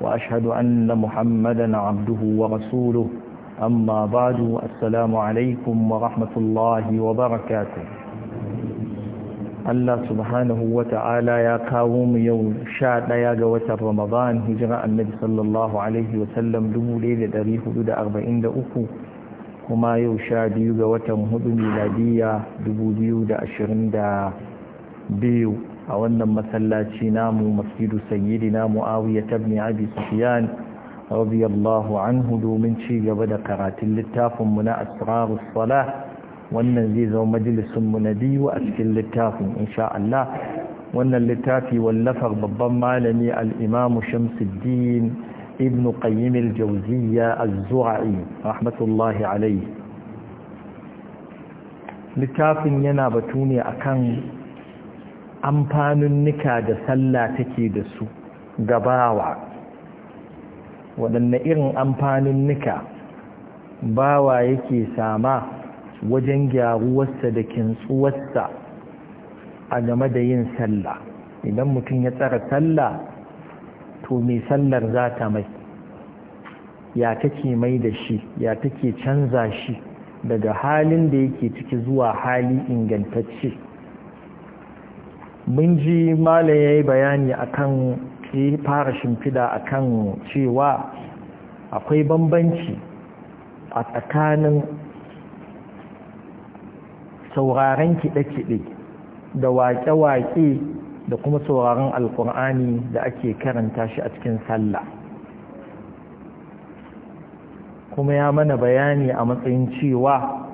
وأشهد أن محمدا عبده ورسوله أما بعد السلام عليكم ورحمة الله وبركاته Allah subhanahu wa ta'ala ya kawo mu yau sha ɗaya ga watan Ramadan hijira annabi sallallahu Alaihi wasallam 1443 kuma yau sha biyu ga watan hudu miladiya 2022 a wannan masallaci namu masjidu sayyidina muawiya bni abi sufyan radiyallahu anhu domin ci gaba da karatun littafin mu na asrarus salah wannan zai zama majalisun mu na biyu a cikin littafin insha Allah wannan littafi wallafar babban malami al-imam Shamsuddin ibn Qayyim al-Jawziyya az-Zu'i rahmatullahi alayhi littafin yana batu ne akan amfanin nika da sallah take da su gabawa waɗanne irin amfanin nika bawa yake sama wajen gyaruwarsa da kintsuwarsa a game da yin sallah idan mutum ya tsara sallah to mai sallar za ta mai ya take mai da shi ya take canza shi daga halin da yake ciki zuwa hali ingantacce mun ji mala ya yi bayani akan ya fara shimfida akan cewa akwai bambanci a tsakanin sauraren kiɗe-kiɗe da waƙe-waƙe da kuma sauraren alƙur'ani da ake karanta shi a cikin sallah kuma ya mana bayani a matsayin cewa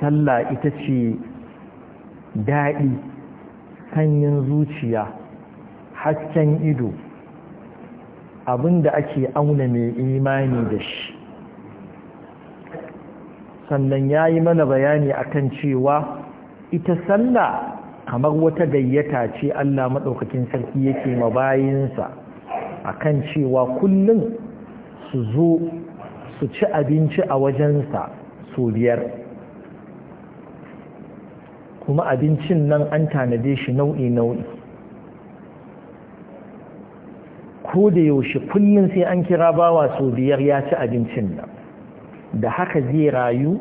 sallah ita ce daɗi hanyar zuciya hasken ido abinda ake auna mai imani da shi sannan ya yi mana bayani akan cewa ita sallah kamar wata gayyata ce Allah maɗaukakin sarki yake ma mabayinsa akan cewa kullum su zo su ci abinci a wajensa su biyar kuma abincin nan an tanade shi nau'i-nau'i ko da yaushe kullum sai an kira bawa sau biyar ya ci abincin nan da haka zai rayu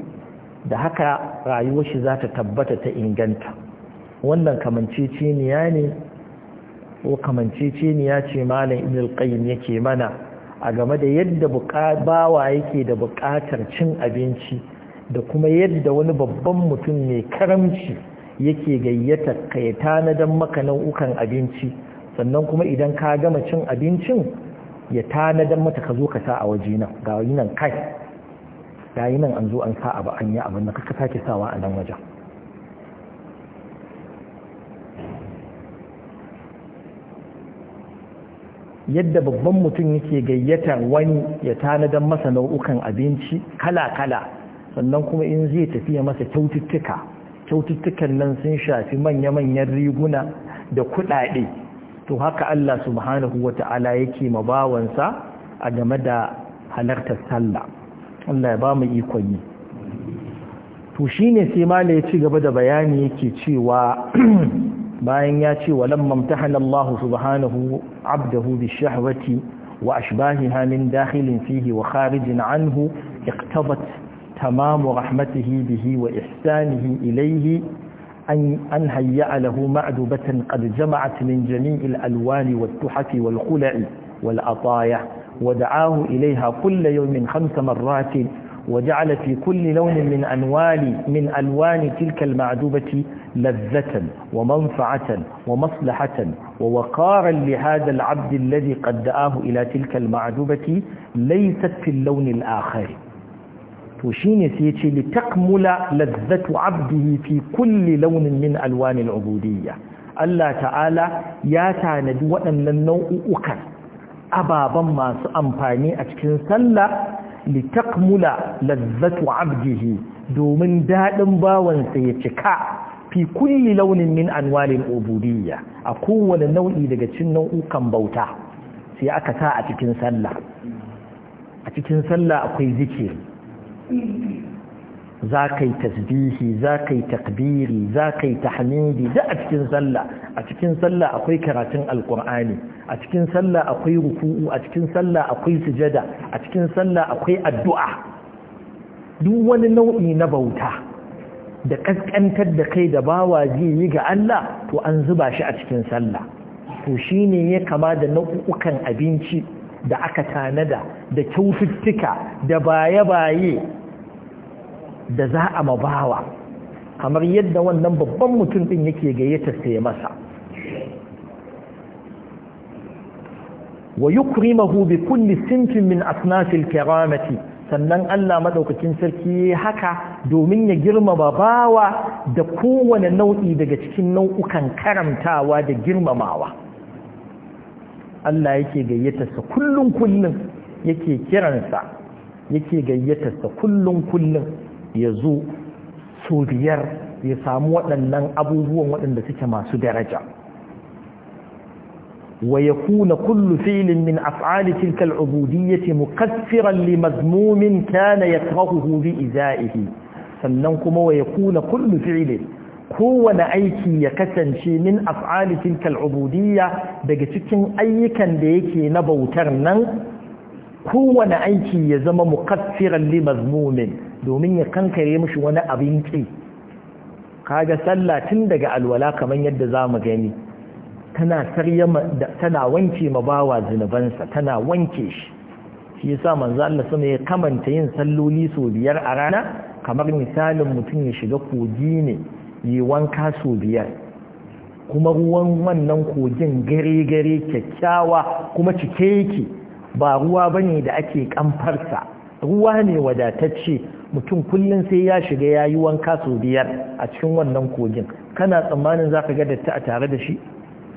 da haka rayuwar shi za ta tabbata ta inganta wannan kamanceceniya ne ko kamanceceniya ce malam ibn qayyim yake mana a game da yadda bawa yake da bukatar cin abinci da kuma yadda wani babban mutum mai karamci yake gayyata ka ya tanadan maka nau'ukan abinci sannan kuma idan ka gama cin abincin ya tanadan mata ka zo ka sa a waje nan ga yi nan kai ga yi nan an zo an sa abu an yi abin da ka sake sawa a nan wajen yadda babban mutum yake gayyatar wani ya tanadan masa nau'ukan abinci kala-kala sannan kuma in zai tafiya masa kyaututtuka kyaututtukan nan sun shafi manya-manyan riguna da kuɗaɗe to haka Allah subhanahu wa ta'ala yake mabawansa a game da halartar sallah Allah ya ba mu ikon yi to shine sai mala ya ci gaba da bayani yake cewa bayan ya ce wa lamma mamtahana Allah subhanahu abdahu bi shahwati wa ashbahiha min dakhilin fihi wa kharijin anhu iqtabat تمام رحمته به وإحسانه إليه أن, أن هيأ له معدبة قد جمعت من جميع الألوان والتحف والخلع والعطايا ودعاه إليها كل يوم خمس مرات وجعل في كل لون من أنوال من ألوان تلك المعدوبة لذة ومنفعة ومصلحة ووقارا لهذا العبد الذي قد دعاه إلى تلك المعدوبة ليست في اللون الآخر to shine sai yace li takmula ladzatu abdihi fi kulli launin min alwani al'ubudiyya Allah ta'ala ya tanadi waɗannan nau'ukan ababan masu amfani a cikin sallah li takmula ladzatu abdihi domin daɗin bawansa ya cika fi kulli launin min anwalin ubudiyya a kowane nau'i daga cikin nau'ukan bauta sai aka sa a cikin sallah a cikin sallah akwai zikiri za ka yi tasbihi za ka yi takbiri za ka yi tahmidi da a cikin sallah a cikin sallah akwai karatun alkur'ani a cikin sallah akwai ruku'u a cikin sallah akwai sujada a cikin sallah akwai addu'a duk wani nau'i na bauta da ƙasƙantar da kai da bawa zai yi ga Allah to an zuba shi a cikin sallah to ne ya kama da nau'ukan abinci da aka tanada da kyaututtuka da baye-baye da za a mabawa kamar yadda wannan babban mutum ɗin yake gayyata sai masa wa yukrimahu bi kulli sinfin min asnafil kiramati sannan Allah madaukakin sarki haka domin ya girmama bawa da kowane nau'i daga cikin nau'ukan karamtawa da girmamawa Allah yake gayyatarsa kullum kullum yake kiransa yake gayyatarsa kullum kullum ya zo so biyar ya samu waɗannan abubuwan waɗanda suke masu daraja wa yakuna kullu fi'lin min af'ali tilkal 'ubudiyyati mukaffiran li mazmumin kana yakrahuhu bi iza'ihi sannan kuma wa kuna kullu fi'lin kowane aiki ya kasance min af'ali tilkal ubudiyya daga cikin ayyukan da yake na bautar nan kowane aiki ya zama muqaffiran li mazmumin domin ya kankare mishi wani abin ki kaga sallah tun daga alwala kamar yadda zamu gani tana sarya tana wanke mabawa zinubansa tana wanke shi shi yasa manzo Allah sama ya kamanta yin salloli so biyar a rana kamar misalin mutum ya shiga kogi ne yi wanka su biyar kuma ruwan wannan kogin gare-gare kyakkyawa kuma cike yake ba ruwa ba ne da ake kamfarsa ruwa ne wadatacce mutum kullum sai ya shiga ya yi wanka su biyar a cikin wannan kogin kana tsammanin za ka ga ta a tare da shi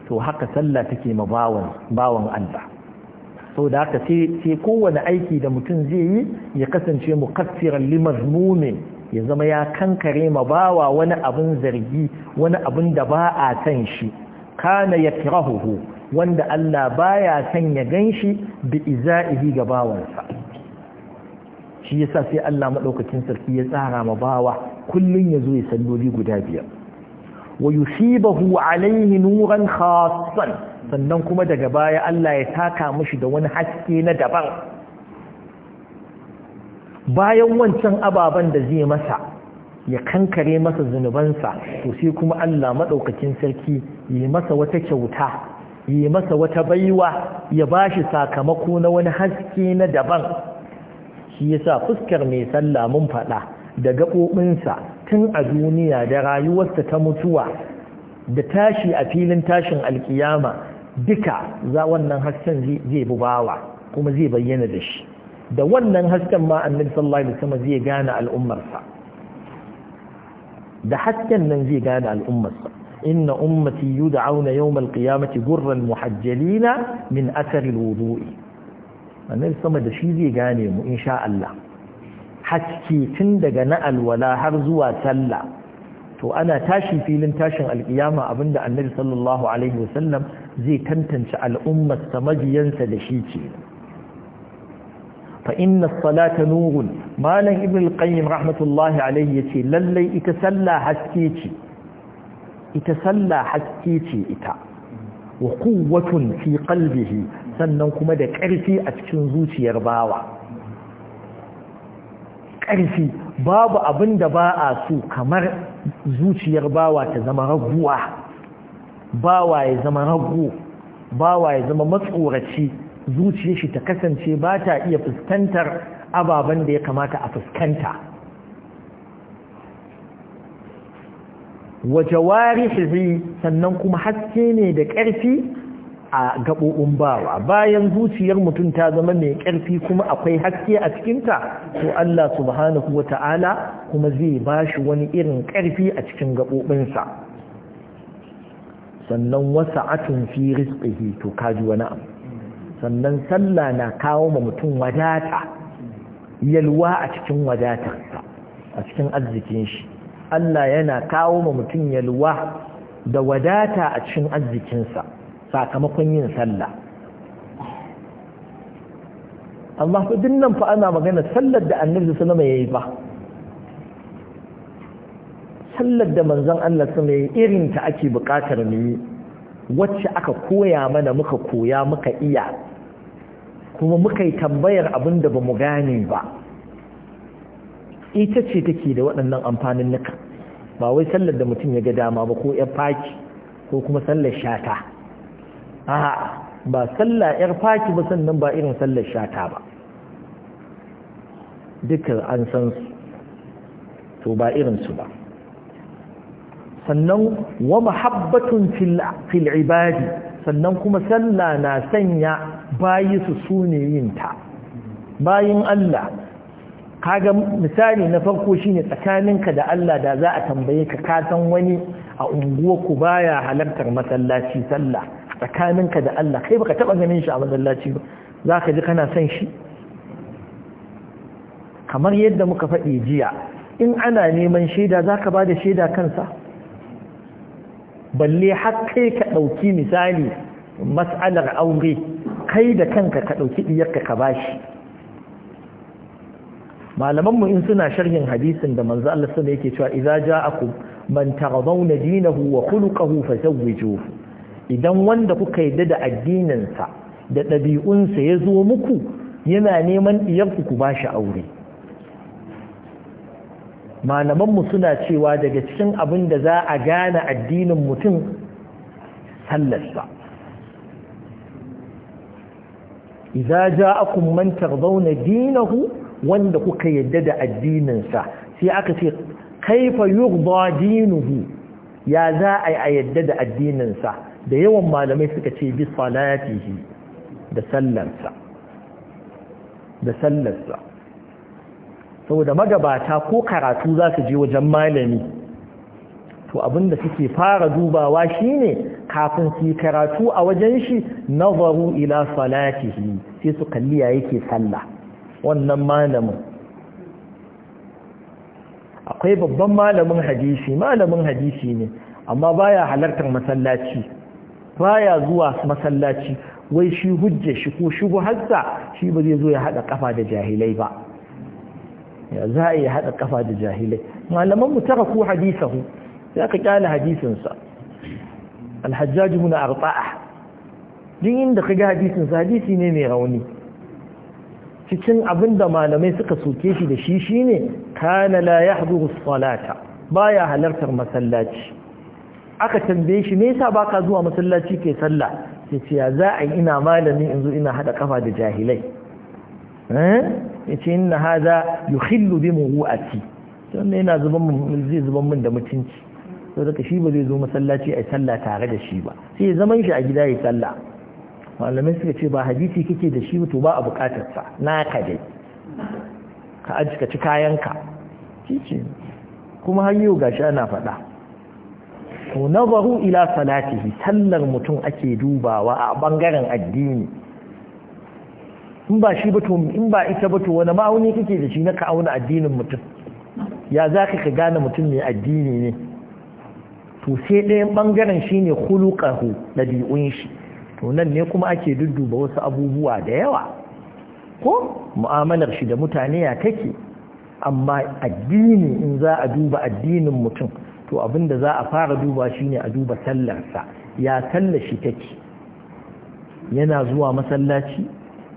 to haka sallah take ma bawan Allah sau da haka sai kowane aiki da mutum zai yi ya kasance mu kassirar limar mumin ya zama ya kankare ma bawa wani abin zargi wani abin da ba a san shi kana yakrahuhu wanda Allah baya san ya ganshi bi iza'ihi ga bawansa shi yasa sai Allah madaukakin sarki ya tsara ma bawa kullun yazo ya salloli guda biyar wa yusibahu alaihi nuran khassan sannan kuma daga baya Allah ya taka mishi da wani haske na daban bayan wancan ababen da zai masa ya kankare masa zunubansa to sai kuma Allah maɗaukacin sarki yi masa wata kyauta yi masa wata baiwa ya ba shi sakamako na wani haske na daban shi yasa fuskar mai sallah mun faɗa da gaɓoɓinsa tun a duniya da rayuwarsa ta mutuwa da tashi a filin tashin alkiyama duka za wannan hasken zai bubawa kuma zai bayyana da shi da wannan hasken ma annabi sallallahu alaihi wasallam zai gane al'ummarsa da hasken nan zai gane al'ummarsa inna ummati yud'auna yawmal qiyamati gurran muhajjalina min athari alwudu'i annabi sama da shi zai gane mu insha Allah haske tun daga na alwala har zuwa sallah to ana tashi filin tashin alkiyama abinda annabi sallallahu alaihi wasallam zai tantance al'ummar majiyansa da shi ce فإن الصلاة نور ما لن ابن القيم رحمة الله عليه يتي للي اتسلى حسكيتي اتسلى حسكيتي اتا وقوة في قلبه سننكم دا كرفي أتكنزوتي يرباوة كرفي باب أبن دباء سو كمر زوتي يرباوة تزم ربوة باوة يزم ربو باوة يزم مطورتي zuciyar shi ta kasance ba ta iya fuskantar ababen da ya kamata a fuskanta wa jawarihi sannan kuma haske ne da ƙarfi a gaɓoɓin bawa bayan zuciyar mutum ta zama mai ƙarfi kuma akwai haske a cikinta to Allah subhanahu wa ta'ala kuma zai ba shi wani irin ƙarfi a cikin gaɓoɓinsa sannan wasa'atun fi rizqihi to kaji wani abu sannan sallah na kawo ma mutum wadata yalwa a cikin wadatarsa a cikin arzikin shi Allah yana kawo ma mutum yalwa da wadata a cikin arzikinsa sakamakon yin sallah amma ku dinnan fa ana magana sallar da annabi sallama yayi ba sallar da manzon Allah sallama yi irin ta ake bukatar mu yi wacce aka koya mana muka koya muka iya kuma muka yi tambayar abin da ba mu gane ba ita ce take da waɗannan amfanin nuka ba wai sallar da mutum ya ga dama ba ko ‘yar faki ko kuma sallar shata aha ba sallar ‘yar faki ba sannan ba irin sallar shata ba duka an san su to ba irin su ba sannan wa mahabbatun fil ibadi sannan kuma sallah na sanya bayi su sune yin ta bayin Allah kaga misali na farko shine tsakaninka da Allah da za a tambaye ka ka san wani a unguwarku baya halartar masallaci sallah tsakaninka da Allah kai baka taba ganin shi a masallaci ba zaka ji kana son shi kamar yadda muka faɗi jiya in ana neman shaida zaka bada shaida kansa balle har kai ka ɗauki misali mas'alar aure kai da kanka ka ɗauki ɗiyarka ka bashi malamanmu in suna sharhin hadisin da manzo Allah sama yake cewa idza ja'akum man taghawna dinahu wa khuluquhu fazawwiju idan wanda kuka yadda da sa da ɗabi'unsa ya zo muku yana neman ɗiyarku ku bashi aure malamanmu suna cewa daga cikin abin da za a gane addinin mutum sallarsa idza akun mantar tardawna dinahu wanda kuka yadda da addininsa sai aka ce kaifa yurda dinuhu ya za a yadda da addininsa da yawan malamai suka ce bi salatihi da sallarsa da sallarsa saboda magabata ko karatu za su je wajen malami to abinda suke fara dubawa shine kafin su karatu a wajen shi nazaru ila salatihi sai su kalli ya yake sallah wannan malamin akwai babban malamin hadisi malamin hadisi ne amma baya halartar masallaci baya zuwa masallaci wai shi hujja shi ko shi hazza shi ba zai zo ya hada kafa da jahilai ba za'a za a yi haɗa kafa da jahilai malaman mu tara ku hadisahu sai aka kyale hadisinsa alhajjaj ibn arba'a duk inda ka ga hadisinsa hadisi ne mai rauni cikin abinda malamai suka soke shi da shi shine kana la yahduru salata baya halartar masallaci aka tambaye shi me ba baka zuwa masallaci ke sallah sai ce ya za a ina malami in zo ina haɗa kafa da jahilai eh? yace inna hadha yukhillu bi muwati to ne yana zuban mun zai zuban mun da mutunci to daga shi ba zai zo masallaci ai sallah tare da shi ba sai zaman shi a gida yayi sallah malamai suka ce ba hadisi kake da shi to ba a bukatar sa naka dai ka aji ka ci ka shi kuma har yau gashi ana faɗa ko nazaru ila salatihi sallar mutum ake dubawa a bangaren addini in ba shi ba to in ba ita ba to wani ma'auni kake da shi na ka auna addinin mutum ya za ka ka gane mutum mai addini ne to sai ɗayan ɓangaren shi ne hulukahu ɗabi'un shi to nan ne kuma ake dudduba wasu abubuwa da yawa ko mu'amalar shi da mutane ya kake amma addini in za a duba addinin mutum to abin da za a fara duba shi ne a duba sallarsa ya sallar shi take yana zuwa masallaci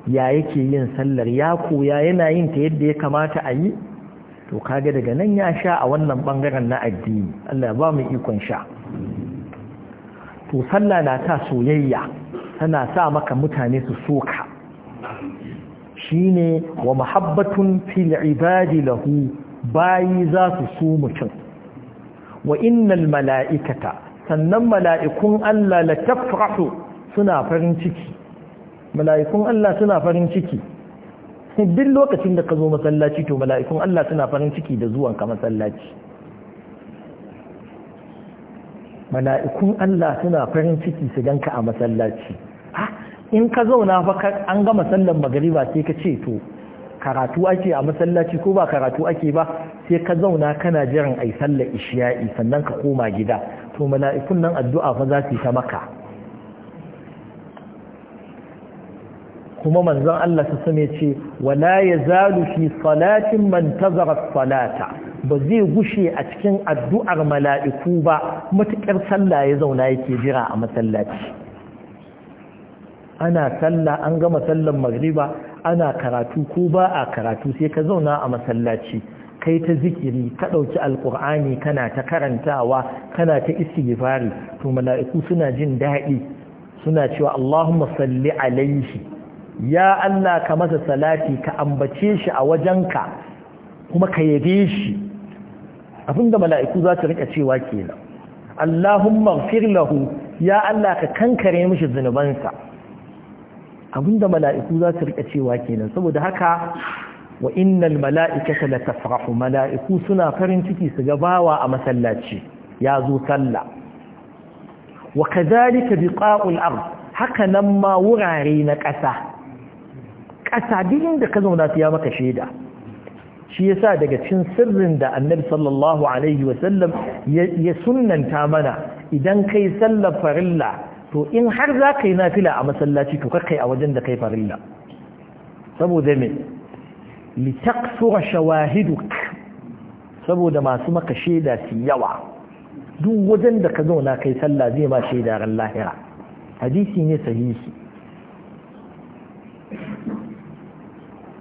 ya yake yin sallar ya koya yana yin ta yadda ya kamata a yi to kaga daga nan ya sha a wannan bangaren na addini Allah ba mu ikon sha to sallah na ta soyayya tana sa maka mutane su soka shine wa muhabbatun fil ibadi lahu bayi za su so mutum wa innal mala'ikata sannan mala'ikun Allah la tafrahu suna farin ciki mala'ikun Allah suna farin ciki duk lokacin da ka zo masallaci to mala'ikun Allah suna farin ciki da zuwanka masallaci mala'ikun Allah suna farin ciki su ganka a masallaci ah, in ka zauna fa an gama sallar magariba sai ka ce to karatu ake a masallaci ko ba karatu ake ba sai ka zauna kana jiran ai sallar ishiya'i sannan ka koma gida to mala'ikun nan addu'a fa za su yi ta maka kuma manzon Allah ta sune ce wala yazalu fi salatin man tazara salata ba zai gushe a cikin addu'ar mala'iku ba matukar sallah ya zauna yake jira a masallaci ana sallah an gama sallan magriba ana karatu ko ba a karatu sai ka zauna a masallaci kai ta zikiri ka ɗauki alƙur'ani kana ta karantawa kana ta istighfari to mala'iku suna jin daɗi suna cewa Allahumma salli alaihi ya Allah ka masa salati ka ambace shi a wajenka kuma ka yabe shi abinda mala'iku za ta rika cewa kenan Allahumma ighfir lahu ya Allah ka kankare mishi zunubansa abinda mala'iku za ta rika cewa kenan saboda haka wa innal mala'ikata la tafrahu mala'iku suna farin ciki su ga bawa a masallaci ya zo sallah wa kadhalika biqa'ul ard haka nan ma wurare na ƙasa ƙasa duk inda ka zauna ya maka shaida shi yasa daga cin sirrin da annabi sallallahu alaihi wasallam ya sunnanta mana idan kai sallar farilla to in har za ka yi nafila a masallaci to kai a wajen da kai farilla saboda me litaksura shawahiduk saboda masu maka shaida su yawa duk wajen da ka zauna kai sallah zai ma shaida ran lahira hadisi ne sahihi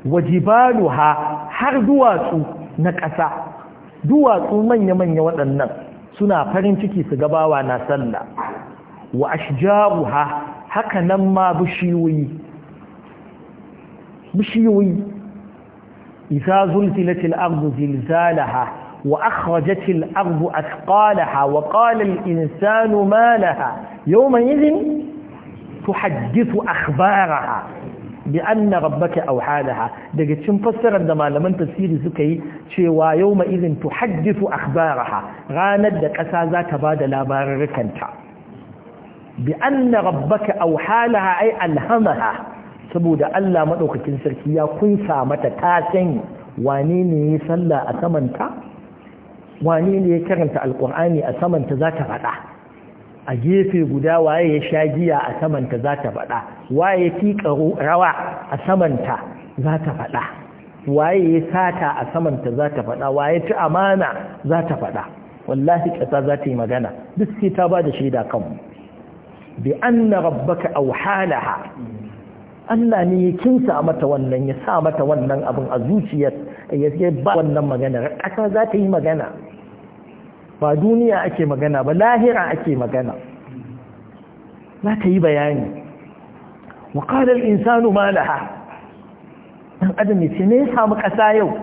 wajibaluha har duwatsu na ƙasa duwatsu manya-manya waɗannan suna farin ciki su gabawa na sallah wa ashjaruha haka nan ma bishiyoyi bishiyoyi idza zulzilatil ardu zilzalaha wa akhrajatil ardu athqalaha wa qala al insanu ma laha yawma idhin tuhaddithu akhbaraha bi anna rabbaka awhalaha daga cikin fassarar da malaman tafsiri suka yi cewa yawma idhin tuhaddithu akhbaraha ranar da ƙasa za ta bada labarurkanta bi anna rabbaka awhalaha ay alhamaha saboda Allah madaukakin sarki ya kunsa mata ta san wane ne ya salla a samanta wane ne ya karanta alqur'ani a samanta za ta faɗa a gefe guda waye ya sha giya a samanta za ta faɗa waye ya tiƙa rawa a samanta za ta faɗa waye ya sata a samanta za ta faɗa waye ci amana za ta faɗa wallahi ƙasa za ta yi magana duk sai ta ba da shaida kanmu bi anna rabbaka awhalaha Allah ne ya kinsa mata wannan ya sa mata wannan abin a zuciyar ya ba wannan magana ƙasa za ta yi magana ba duniya ake magana ba lahira ake magana za ta yi bayani wa insanu ma ɗan dan adam ce ne samu ƙasa yau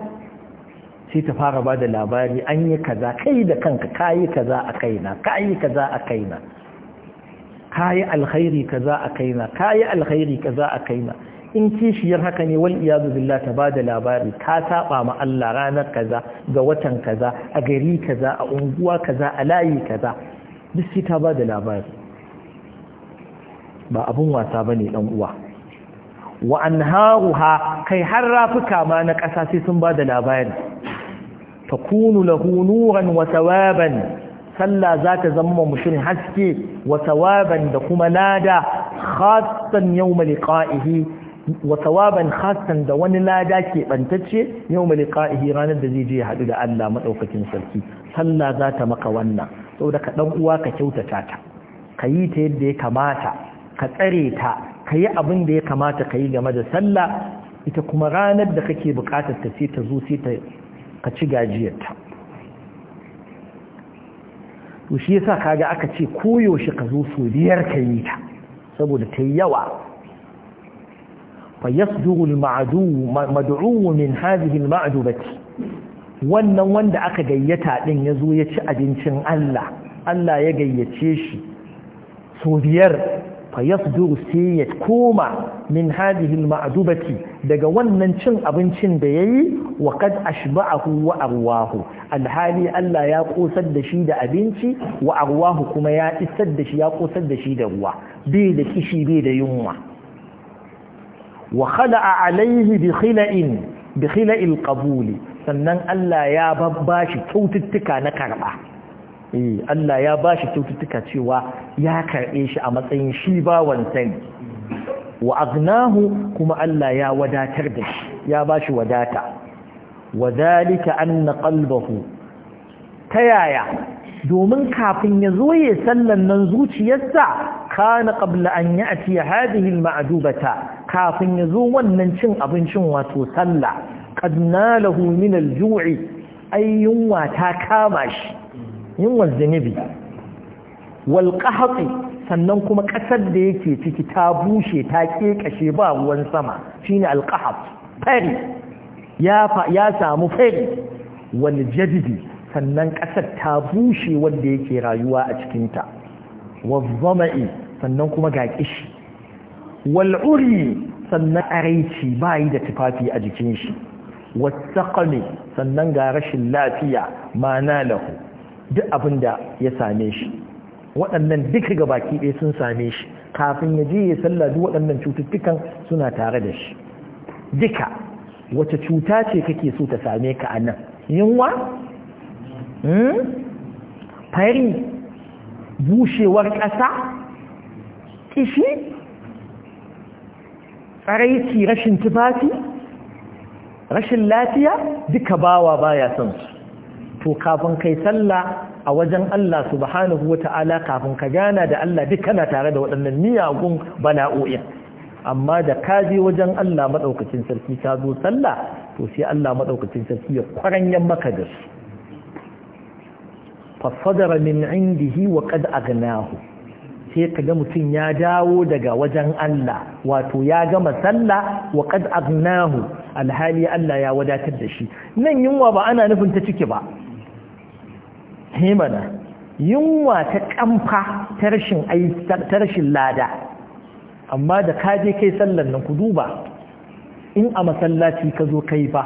sai ta fara bada labari an yi kaza kai da kanka kayi kaza a kaina kayi kaza a kaina kayi alkhairi kaza a kaina kayi alkhairi kaza a kaina in kishiyar haka ne wal iyazu billah ta bada labari ka saba ma Allah ranar kaza ga watan kaza a gari kaza a unguwa kaza a layi kaza duk ta bada labari ba abun wasa bane dan uwa wa anharuha kai har rafuka ma na kasa sai sun bada labari takunu lahu nuran wa thawaban sallah zata zama mushin haske wa thawaban da kuma lada khassan yawm liqa'ihi wa Hassan da wani lada ke bantacce yau liqa'ihi ranar da zai je hadu da Allah madaukakin sarki sallah za ta maka wannan saboda ka dan uwa ka kyautata ta ka yi ta yadda ya kamata ka tsare ta ka yi abin da ya kamata ka yi game da sallah ita kuma ranar da kake bukatar ta sai ta zo sai ta ka ci gajiyarta to shi yasa kaga aka ce koyaushe ka zo so biyar ka yi ta saboda ta yi yawa فيصدر المعدو مدعو من هذه المعدوبة wannan wanda aka gayyata din ya zo ya ci abincin Allah Allah ya gayyace shi so biyar fa yasduru sai koma min hadhihi al-ma'dubati daga wannan cin abincin da yayi wa qad ashba'ahu wa arwahu alhali Allah ya ƙosar da shi da abinci wa arwahu kuma ya isar da shi ya kosar da da ruwa bai da kishi bai da yunwa wa khala'a alaihi bi khila'in sannan Allah ya babbashi kyaututtuka na karba eh Allah ya bashi kyaututtuka cewa ya karbe shi a matsayin shi ba sani wa agnahu kuma Allah ya wadatar da shi ya bashi wadata wadhalika anna qalbahu tayaya domin kafin ya zo ya sallan nan zuciyarsa kana qabla an ya'ti hadhihi al-ma'dubata kafin ya zo wannan cin abincin wato sallah qad nalahu min al ay yunwa ta kama shi yunwa zunubi wal qahqi sannan kuma kasar da yake ciki ta bushe ta kekashe ba ruwan sama shine al qahq fari ya ya samu fari wal jadidi sannan kasar ta bushe wanda yake rayuwa a cikinta wa zama'i sannan kuma ga kishi wal'uri sannan araici ba yi da tufafi a jikin shi wasaƙami sannan ga rashin lafiya na lahu duk abin da ya same shi waɗannan duka ga baki ɗaya sun same shi kafin ya je ya salladu waɗannan cututtukan suna tare da shi duka wace cuta ce kake so ta same ka anan? nan yunwa hmm? fari bushewar ƙasa ƙishi tsaraici rashin tufafi rashin lafiya duka bawa baya son su to kafin kai sallah a wajen Allah subhanahu wata'ala kafin ka gana da Allah duk kana tare da waɗannan miyagun bana'o'i amma da ka je wajen Allah maɗaukacin sarki ta zo sallah to sai Allah maɗaukacin sarki ya kwaran maka da su fasadara min indihi wa a agnahu sai ka ga mutum ya dawo daga wajen Allah wato ya gama sallah wa qad aghnahu alhali Allah ya wadatar da shi nan yunwa ba ana nufin ta ciki ba himana yunwa ta kamfa ta rashin ta rashin lada amma da ka je kai sallar nan ku duba in a masallaci ka zo kai ba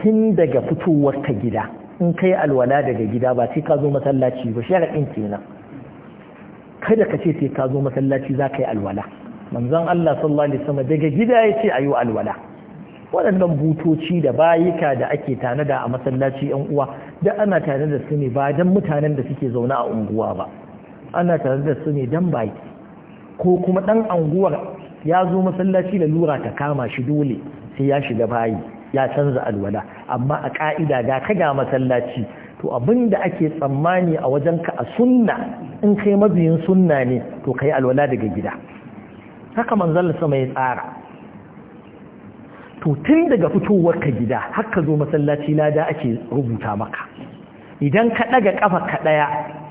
tun daga fitowar ka gida in kai alwala daga gida ba sai ka zo masallaci ba sharaɗin kenan kada ka ce sai ka zo masallaci za ka yi alwala manzon Allah sallallahu alaihi wasallam daga gida ya ce ayi alwala waɗannan butoci da bayika da ake tanada a masallaci yan uwa da ana tanada su ne ba dan mutanen da suke zaune a unguwa ba ana tanada su ne dan bai ko kuma dan anguwar ya zo masallaci da lura ta kama shi dole sai ya shiga bayi ya canza alwala amma a ka'ida ga kaga masallaci to abin da ake tsammani a wajenka a sunna in kai mabiyin sunna ne to kai alwala daga gida haka manzal sama ya tsara to tun daga fitowar ka gida har zo masallaci lada ake rubuta maka idan ka daga kafa ka daya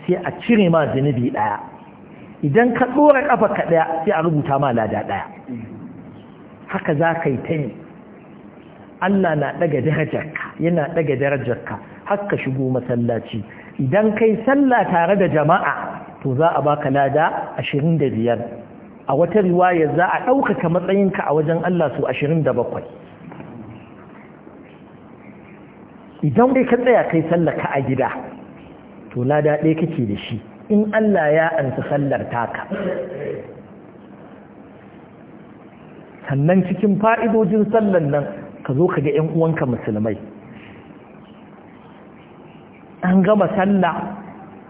sai a cire ma zunubi daya idan ka dora kafa ka daya sai a rubuta ma lada daya haka za ka yi ta ne Allah na daga darajarka yana daga darajarka ka shigo masallaci idan kai sallah tare da jama'a to za a baka lada 25 a wata riwaya za a ɗaukaka matsayinka a wajen Allah su 27 idan dai ka tsaya kai sallaka a gida to lada ɗaya kake da shi in Allah ya ansa sallar taka sannan cikin fa'idojin sallan nan ka zo ka ga ‘yan uwanka musulmai an gama sallah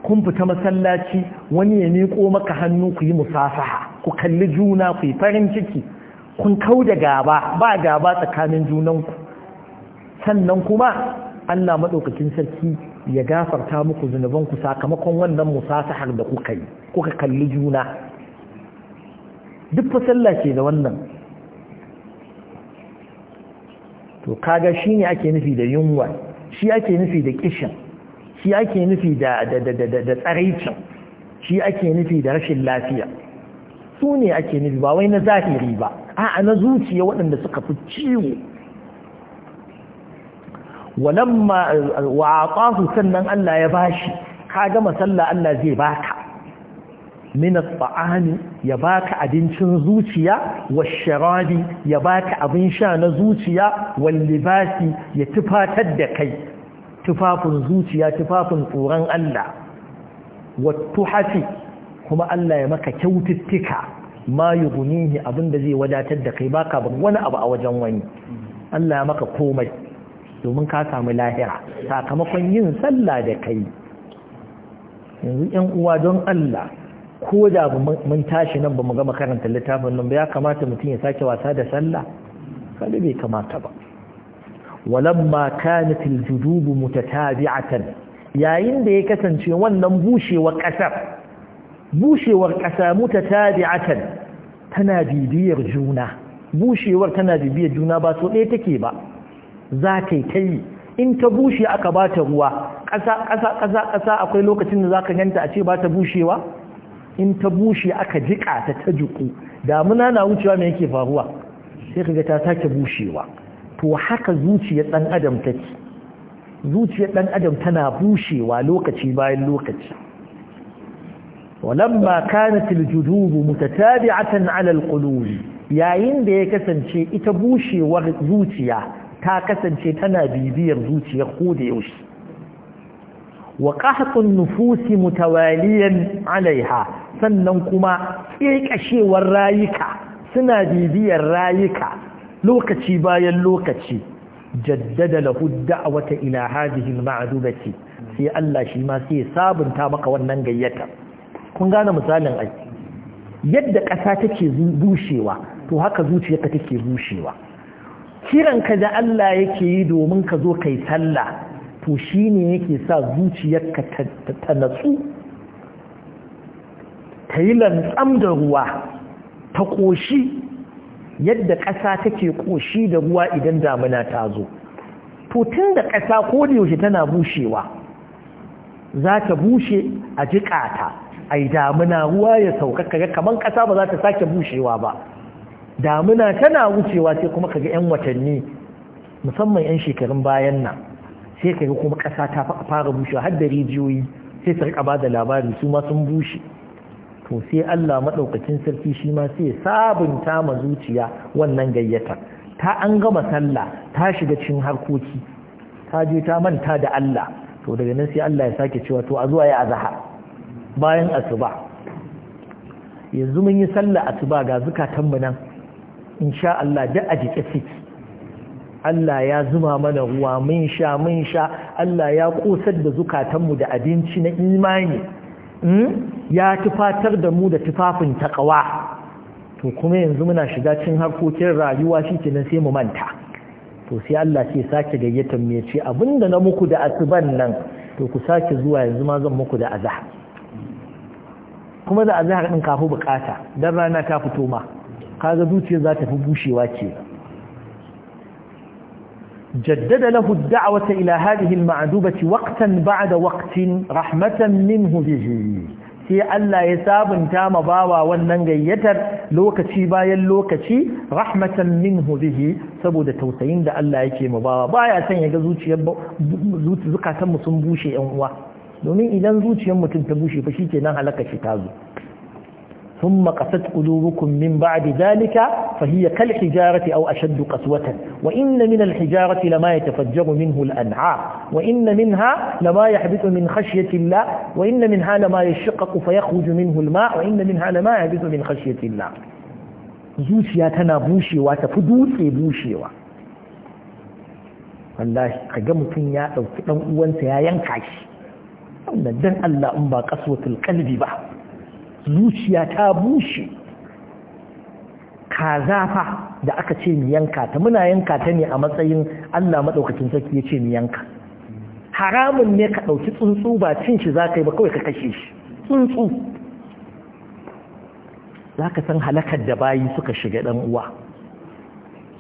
kun fita masallaci wani ya miƙo maka hannu ku yi musafaha ku kalli juna ku yi farin ciki kun kau da gaba ba gaba tsakanin junanku sannan kuma Allah maɗaukakin sarki ya gafarta muku ku sakamakon wannan musafahar da kuka yi kuka kalli juna duk fasalla ce da wannan to kaga shi ne ake nufi da yunwa shi ake nufi da kishin shi ake nufi da tsaraicin shi ake nufi da rashin lafiya su ne ake nufi ba wai na zahiri ba a'a na zuciya waɗanda suka fi ciwo walamma wa atahu sannan Allah ya bashi ka gama sallah Allah zai baka Minas at ya baka abincin zuciya wa sharabi ya baka abin sha na zuciya wal libasi ya tufatar da kai tufafin zuciya tufafin tsoron Allah hafi kuma Allah ya maka kyaututtuka ma gunihi abinda zai wadatar da kai baka ban wani abu a wajen wani Allah ya maka komai domin ka samu lahira sakamakon yin sallah da kai yanzu yan uwa don Allah ko da mun tashi nan ba mu gama karanta littafin nan ba ya kamata mutum ya sake wasa da sallah kada bai kamata ba walamma kanat aljudubu mutatabi'atan yayin da ya kasance wannan bushewar kasar bushewar kasa mutatabi'atan tana bibiyar juna bushewar tana bibiyar juna ba so ɗaya take ba za ta yi in ta bushe aka ba ta ruwa ƙasa ƙasa ƙasa ƙasa akwai lokacin da za ka ganta a ce ba ta bushewa in ta bushe aka jiƙa ta ta damuna na wucewa mai yake faruwa sai ka ga ta sake bushewa to haka zuciyar ɗan adam take zuciyar ɗan adam tana bushewa lokaci bayan lokaci walamma kanat aljudubu mutatabi'atan 'ala alqulub yayin da ya kasance ita bushewar zuciya ta kasance tana bibiyar zuciyar ko da yaushe wa qahtun nufusi mutawaliyan alaiha sannan kuma kekashewar rayuka suna bibiyar rayuka lokaci bayan lokaci jaddada lahu da'wata ila hadhihi al-ma'dubati sai Allah shi ma sai sabunta maka wannan gayyata kun gane misalin ai yadda ƙasa take bushewa to haka zuciyarka take bushewa kiranka da Allah yake yi domin ka zo kai sallah to shine yake sa zuciyarka ta natsu ta yi lantsam da ruwa ta ƙoshi yadda ƙasa take ƙoshi da ruwa idan damina ta zo to tun da ƙasa ko da yaushe tana bushewa za ta bushe a jiƙata a yi damina ruwa ya sauka kaga kamar ƙasa ba za ta sake bushewa ba damina tana wucewa sai kuma kaga 'yan watanni musamman 'yan shekarun bayan nan sai kaga kuma ƙasa ta fara bushewa har da rijiyoyi sai su riƙa ba da labari su ma sun bushe to sai Allah maɗaukacin sarki shi ma sai sabunta ma zuciya wannan gayyata ta an gama sallah ta shiga cikin harkoki ta je ta manta da Allah to daga nan sai Allah ya sake cewa to a zuwa ya bayan asuba yanzu mun yi sallah asuba ga zukatan mu nan insha Allah da a jike Allah ya zuma mana ruwa mun sha mun sha Allah ya kosar da zukatanmu da abinci na imani Hmm? ya tufatar da mu da tufafin taƙawa to kuma yanzu muna shiga cin harkokin rayuwa shi kenan sai mu manta to sai Allah sai sake gayyatar mu ya ce abinda na muku da asuban nan to ku sake zuwa yanzu ma zan muku da azah kuma da azah din kafu bukata dan rana ta fito ma kaga zuciya za ta fi bushewa ce جدد له الدعوة إلى هذه المعدوبة وقتا بعد وقت رحمة منه به sai Allah ya sabunta ma bawa wannan gayyatar lokaci bayan lokaci rahmatan minhu bihi saboda tausayin da Allah yake ma bawa baya san ya ga zuciyar zukatan sun bushe yan uwa domin idan zuciyar mutum ta bushe fa shikenan halaka shi ta zo ثم قست قلوبكم من بعد ذلك فهي كالحجارة أو أشد قسوة وإن من الحجارة لما يتفجر منه الأنعام وإن منها لما يحبط من خشية الله وإن منها لما يشقق فيخرج منه الماء وإن منها لما يهبط من خشية الله zuciya تنا بوشي tafi بوشي bushewa wallahi kaga mutum ya ɗauki ɗan uwansa ya yanka shi wannan dan Allah zuciya ta bushe kazafa da aka ce mu yanka ta muna yanka ta ne a matsayin Allah maɗaukacin sarki ya ce mu yanka haramun ne ka ɗauki tsuntsu ba cin shi za ka yi ba kawai ka kashe shi tsuntsu za ka san halakar da bayi suka shiga ɗan uwa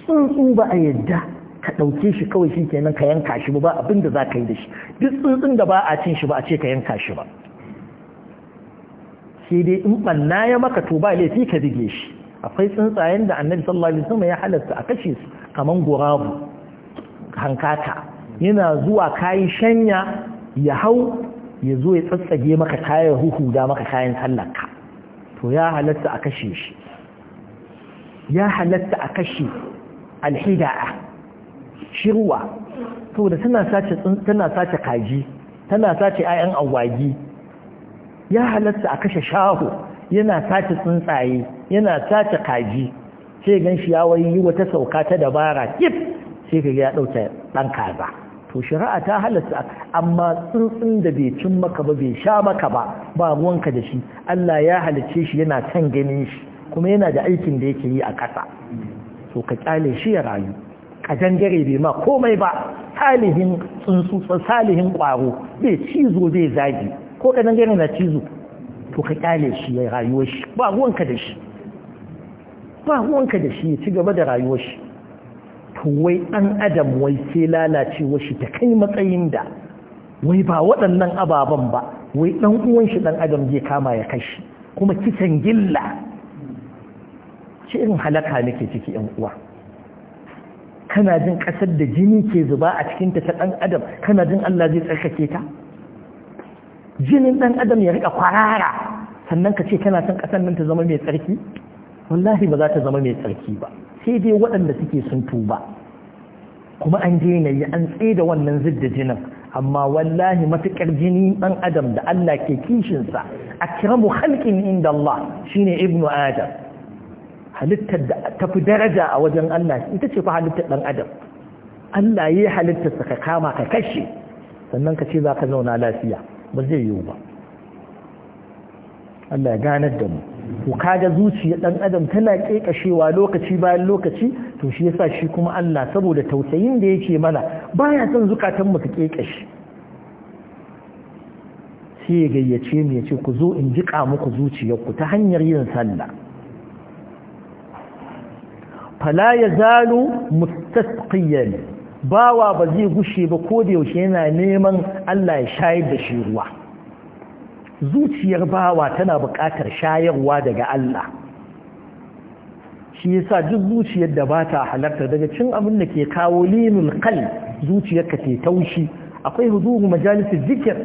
tsuntsu ba a yadda ka ɗauke shi kawai shi kenan ka yanka shi ba abin da za ka yi da shi duk tsuntsun da ba a cin shi ba a ce ka yanka shi ba sai dai in banna ya maka to ba laifi ka dige shi akwai tsuntsayen da annabi sallallahu alaihi wasallam ya halatta a kashe su kaman gurabu hankata yana zuwa kayi shanya ya hau ya zo ya tsatsage maka kayan da maka kayan sallarka to ya halatta a kashe shi ya halatta a kashe alhida'a shirwa da tana sace kaji tana sace ayan awagi ya halatta a kashe shaho yana sace tsuntsaye yana sace kaji sai gan shi ya yi wata sauka ta dabara kif sai ka ya ɗauke ɗan kaza to shari'a ta halatta amma tsuntsun da bai cin maka ba bai sha maka ba ba ruwanka da shi Allah ya halicce shi yana kan ganin shi kuma yana da aikin da yake yi a ƙasa to ka kyale shi ya rayu kajangare bai ma komai ba salihin tsuntsu salihin ƙwaro bai cizo bai zagi ko ka dangane na cizo to ka kyale shi ya rayuwar shi ba ruwanka da shi ba ruwanka da shi ya ci gaba da rayuwar shi to wai ɗan adam wai sai lalace shi ta kai matsayin da wai ba waɗannan ababen ba wai ɗan uwan shi ɗan adam zai kama ya kashi kuma kisan gilla ce irin halaka nake ciki yan uwa kana jin ƙasar da jini ke zuba a cikinta ta ɗan adam kana jin Allah zai tsarkake ta jinin ɗan adam ya riƙa kwarara sannan ka ce kana son kasar nan ta zama mai tsarki wallahi ba za ta zama mai tsarki ba sai dai waɗanda suke sun tuba kuma an je yi an tsaye da wannan zidda jinin amma wallahi matuƙar jini ɗan adam da Allah ke kishinsa a kiramu halƙin inda Allah shine ibnu adam halittar da tafi daraja a wajen Allah ita ce fa halittar ɗan adam Allah ya yi halittarsa ka kama ka kashe sannan ka ce za ka zauna lafiya ba zai yiwu ba Allah ya ganar da mu ku kaga zuciya dan adam tana kekashewa lokaci bayan lokaci to shi yasa shi kuma Allah saboda tausayin da yake mana baya son zukatan mu ta kekashe sai ya gayyace mu yace ku zo in jika muku zuciyarku ta hanyar yin sallah fala yazalu mustasqiyan bawa ba zai gushe ba ko da yaushe yana neman Allah ya shayar da shi ruwa zuciyar bawa tana buƙatar shayarwa daga Allah shi yasa duk zuciyar da ba ta halarta daga cin abin da ke kawo linul kal zuciyarka ke taushi akwai huzuru majalisar zikir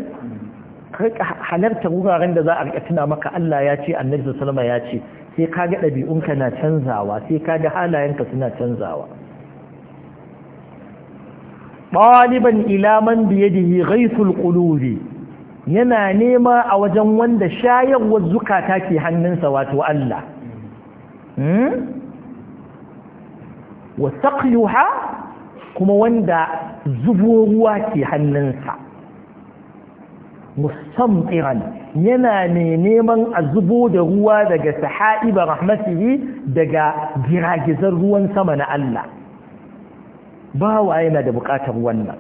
halarta wuraren da za a rika tuna maka Allah ya ce annabi sallama ya ce sai ka ga ɗabi'unka na canzawa sai ka ga halayenka suna canzawa ɗaliban ilaman biyadihi gaisul qulubi yana nema a wajen wanda shayarwar zukata ke hannunsa wato Allah hmm? wa saqyuha kuma wanda zubo ruwa ke hannunsa musamman yana ne neman a zubo da ruwa daga saha'iba rahmatihi daga giragizar ruwan sama na Allah bawa yana da bukatar wannan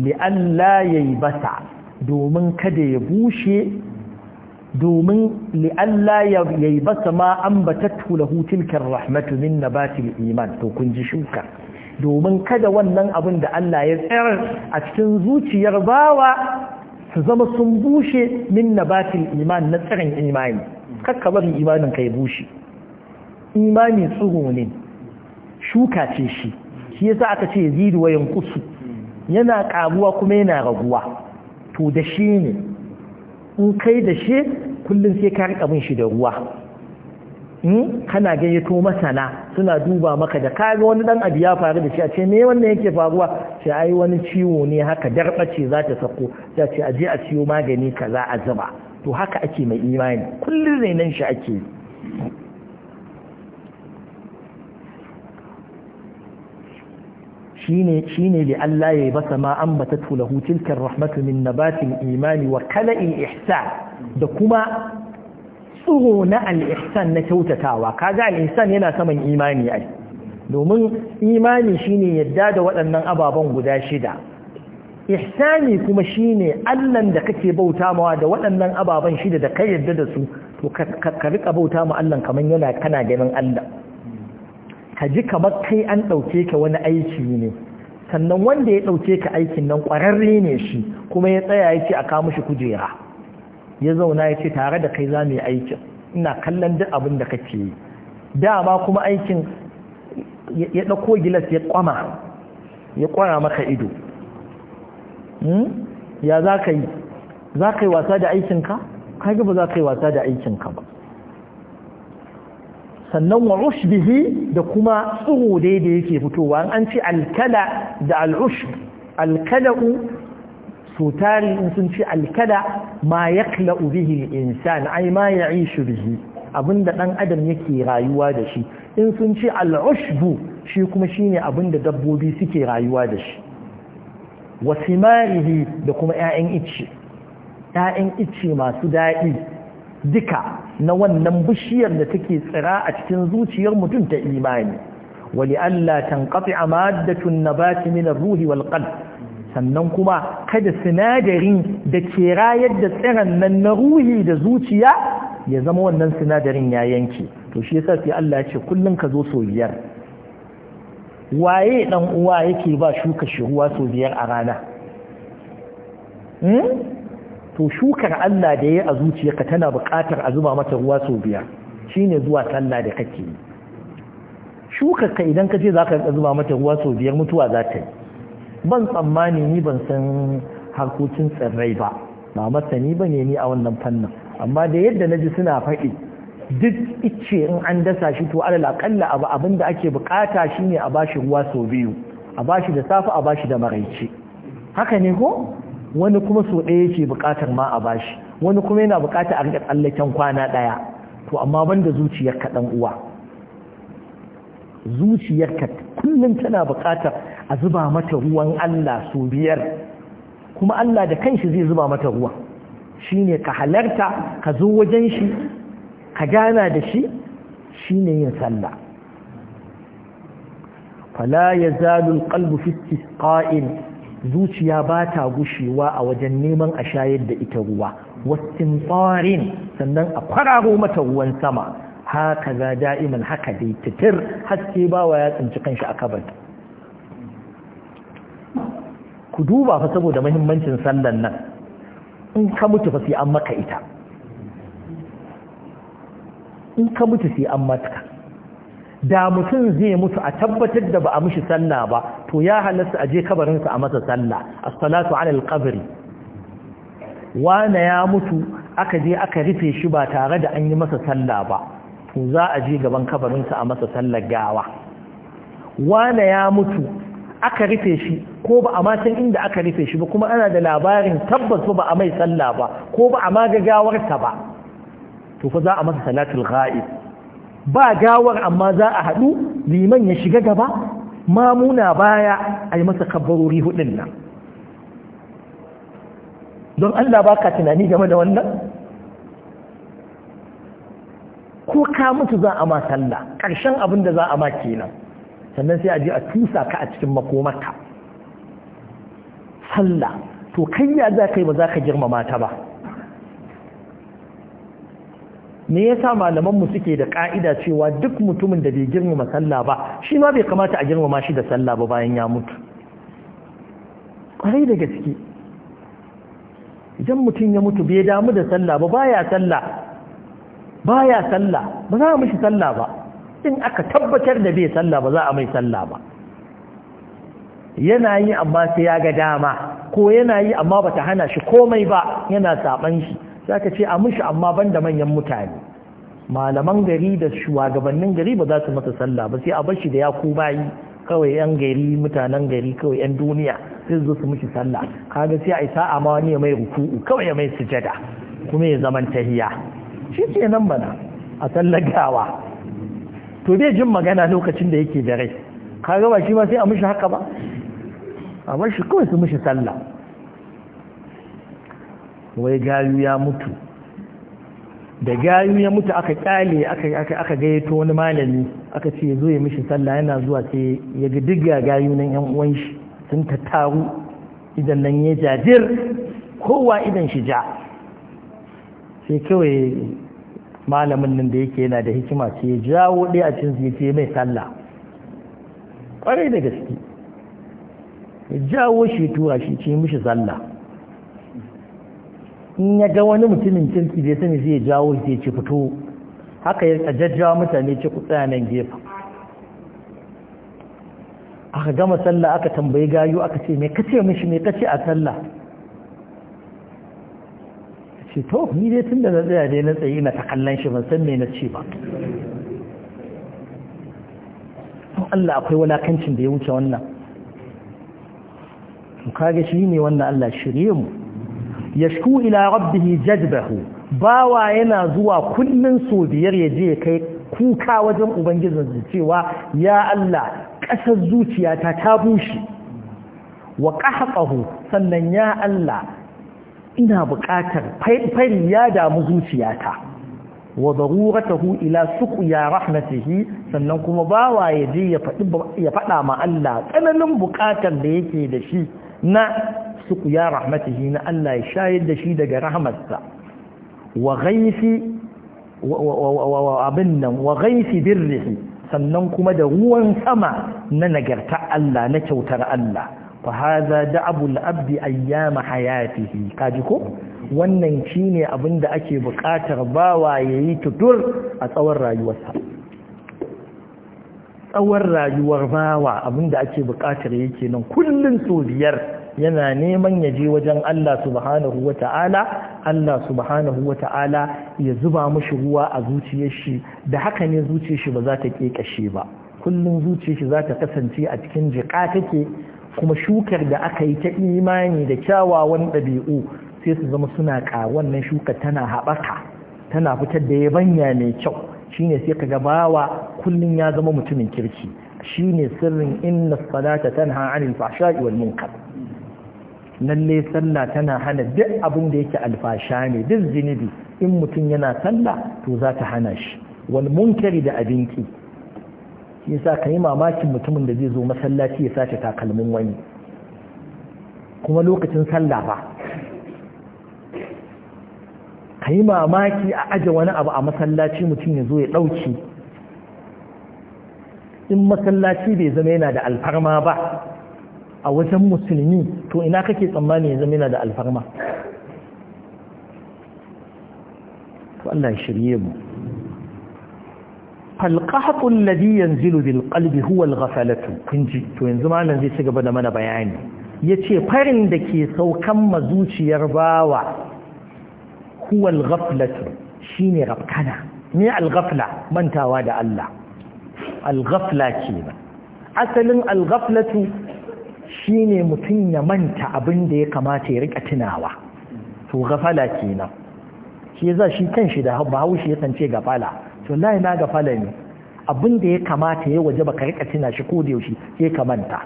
li'an la yayi basa domin kada ya bushe domin li'an yayi basa ma ambatatu lahu tilkar rahmatu min nabatil iman to kun ji shuka domin kada wannan abin da Allah ya tsayar a cikin zuciyar bawa su zama sun bushe min nabatil iman na tsirin imani kakka bari imanin ka ya bushe imani tsuho ne shuka ce shi shi yasa aka ce yazidu wa yanqusu yana karuwa kuma yana raguwa to da shi ne in kai da shi kullum sai ka rika bin shi da ruwa in hmm? kana gayyato masana suna duba maka da kaga wani dan abu ya faru da shi a ce me wannan yake faruwa sai ai wani ciwo ne haka darbace za ta sako za ce aje a siyo magani kaza a zuba to haka ake mai imani kullum nan shi ake shine shine li Allah ya basa ma ta tulahu, tilka rahmatu min nabatil imani wa kala'il ihsan da kuma tsoho na al-ihsan na kyautatawa kaga al-ihsan yana saman imani ai domin imani shine yadda da waɗannan ababen guda shida ihsani kuma shine Allah da kake bauta mawa da waɗannan ababen shida da ka yadda da su to ka rika bauta ma Allah kaman yana kana ganin Allah ka ji kamar kai an ɗauke ka wani aiki ne sannan wanda ya ɗauke ka aikin nan ƙwararre ne shi kuma ya tsaya ya ce a kawo shi kujera ya zauna ya ce tare da kai za mu yi aikin ina kallon duk abin da kake yi dama kuma aikin ya ɗauko gilas ya kwama ya kwara maka ido hmm? ya za ka yi za ka wasa da aikinka? ka ba za ka yi wasa da aikinka ba sannan wa rushbihi da kuma tsiro daidai da yake fitowa an ce alkala da al'ush. alkala'u su tari in sun ce alkala ma ya kla'u bihi insan ai ma ya ishu bihi abinda dan adam yake rayuwa da shi in sun ce al'ushbu shi kuma shi ne abinda dabbobi suke rayuwa da shi wasimarihi da kuma 'ya'yan icce masu daɗi duka na wannan bishiyar da take tsira a cikin zuciyar mutum ta imani wali Allah tanqati amadatun nabati min ruhi wal sannan kuma kada sinadarin da ke rayar da tsiran nan na ruhi da zuciya ya zama wannan sinadarin ya yanke to shi yasa sai Allah ya ce kullun ka zo so biyar waye dan uwa yake ba shuka shi ruwa so biyar a rana hmm? to shukar Allah da ya a ka tana buƙatar a zuba mata ruwa sau biyar shine zuwa sallah da kake yi shukar ka idan ka ce za ka zuba mata ruwa sau biyar mutuwa za ta yi ban tsammani ni ban san harkokin tsirrai ba ba masani ba ne ni a wannan fannin amma da yadda na ji suna faɗi duk ice in an dasa shi to alal akalla abu abin da ake bukata shine a bashi ruwa sau biyu a bashi da safe a bashi da maraice haka ne ko wani kuma so ɗaya yake buƙatar ma a bashi wani kuma yana buƙatar a riƙa tsallaken kwana ɗaya to amma banda zuciyar ka uwa zuciyar ka kullum tana buƙatar a zuba mata ruwan Allah su biyar kuma Allah da kanshi zai zuba mata ruwa shine ka halarta ka zo wajen shi ka gana da shi shine yin sallah fala yazalu alqalbu fi istisqa'in zuciya ba ta gushewa a wajen neman a shayar da ita ruwa wasin tsarin sannan a kwararo mata ruwan sama haka za da'iman haka dai titir haske bawa ya tsinci kanshi a kabar ku duba fa saboda mahimmancin sallan nan in ka mutu fa sai an maka ita in ka mutu sai an maka da mutum zai mutu a tabbatar da ba a mishi sallah ba to ya halatta a je kabarinsa a masa sallah as-salatu ala al-qabri wana ya mutu aka je aka rufe shi ba tare da an yi masa sallah ba to za a je gaban kabarinsa a masa sallar gawa wana ya mutu aka rufe shi ko ba a matan inda aka rufe shi ba kuma ana da labarin tabbas ba a mai sallah ba ko ba a magagawar ta ba to fa za a masa salatul ghaib ba gawar amma za a haɗu liman ya shiga gaba mamuna baya a yi masa kabarori hudun nan don Allah ba ka tunani game da wannan ko ka mutu za a ma sallah ƙarshen abin da za a ma kenan sannan sai a ji a tusa ka a cikin makomata sallah to kai ya za ka yi ba za ka girmama ta ba me ya sa malamanmu suke da ƙa'ida cewa duk mutumin da bai girmama sallah ba shi ma bai kamata a girmama shi da sallah ba bayan ya mutu ƙwarai da gaske idan mutum ya mutu bai damu da sallah ba baya sallah baya sallah ba za a mishi sallah ba in aka tabbatar da bai sallah ba za a mai sallah ba yana yi amma sai ya ga dama ko yana yi amma ba ta hana shi komai ba yana saban shi za ka ce a mushi amma ban da manyan mutane malaman gari da shugabannin gari ba za su masa sallah ba sai a bar shi da ya ku bayi kawai yan gari mutanen gari kawai yan duniya sai zo su mishi sallah kaga sai a isa amma ma wani ya mai ruku'u kawai ya mai sujada kuma ya zaman tahiya shi ke nan bana a sallagawa to bai jin magana lokacin da yake da rai kaga ba shi ma sai a mushi haka ba a bar shi kawai su mushi sallah wai gayu ya mutu da gayu ya mutu aka kyale aka gayyato wani malami aka ce zo ya mishi sallah yana zuwa sai ya ga diga gayu nan yan uwan shi sun tattaru idan nan ya jajir kowa idan shi ja sai kawai malamin nan da yake yana da hikima ce ya jawo ɗaya a cin ya ce mai sallah ƙwarai da gaske ya jawo shi tura shi ce mishi sallah in ya ga wani mutumin kirki bai sani zai jawo zai ci fito haka ya jajjawa mutane ci ku tsaya nan gefe aka gama sallah aka tambayi gayu aka ce mai kace mishi mai kace a sallah ce to ni dai tun da na tsaya dai na tsaye na ta kallon shi ban san me na ce ba Allah akwai walakancin da ya wuce wannan ka ga shi ne wannan Allah shirye mu yashku ila rabbihi jadbahu bawa yana zuwa kullun so biyar ya je kai kuka wajen ubangijin cewa ya Allah kasar zuciyata ta bushe wa qahqahu sannan ya Allah ina buƙatar fari ya damu zuciyata wa daruratahu ila suqya rahmatihi sannan kuma bawa yaje ya faɗa ma Allah tsananin buƙatar da yake da shi na ya ya shi Allah daga rahmatsa wa الله wa شيدك abin nan wa وغيث بره sannan kuma da ruwan sama na nagarta Allah na kyautar Allah fa haza da'abul abdi hayati hayatihi kaji ko wannan shine abin da ake buƙatar bawa yayi tutur a tsawon rayuwarsa tsawon rayuwar bawa abin da ake buƙatar yake nan kullum so biyar yana neman ya je wajen Allah subhanahu wa ta'ala Allah subhanahu wa ta'ala ya zuba mashi ruwa a zuciyar shi da haka ne zuciyar shi ba za ta kekashe ba kullum zuciyar shi za ta kasance a cikin jiƙa take kuma shukar da aka yi ta imani da kyawawan ɗabi'u sai su zama suna ƙa wannan shuka tana haɓaka tana fitar da yabanya mai kyau shine sai ka gabawa bawa kullum ya zama mutumin kirki shine sirrin inna salata tanha anil fahsha'i wal munkar lalle sallah tana hana duk abin da yake alfasha ne duk zinubi in mutum yana sallah to za ta hana shi wal munkari da abinki shi yasa ka yi mamakin mutumin da zai zo masallaci ya sace takalmin wani kuma lokacin sallah ba ka yi mamaki a aje wani abu a masallaci mutum ya zo ya ɗauki in masallaci bai zama yana da alfarma ba a wajen musulmi to ina kake tsammani yanzu yana da alfarma to Allah ya shirye mu فالقحط الذي ينزل بالقلب هو الغفلة كنجي To yanzu malam zai ci gaba da mana bayani yace farin da ke saukan ma zuciyar bawa huwa al shine rabkana ni al-ghafla mantawa da Allah al-ghafla ba. asalin al-ghaflatu Shi ne mutum ya manta abin da ya kamata ya rika tunawa to gafala kenan shi za shi kan shi da bahaushe ya ce gafala to lai na gafala ne abin da ya kamata ya waje baka rika tuna shi ko da yaushe ke ka manta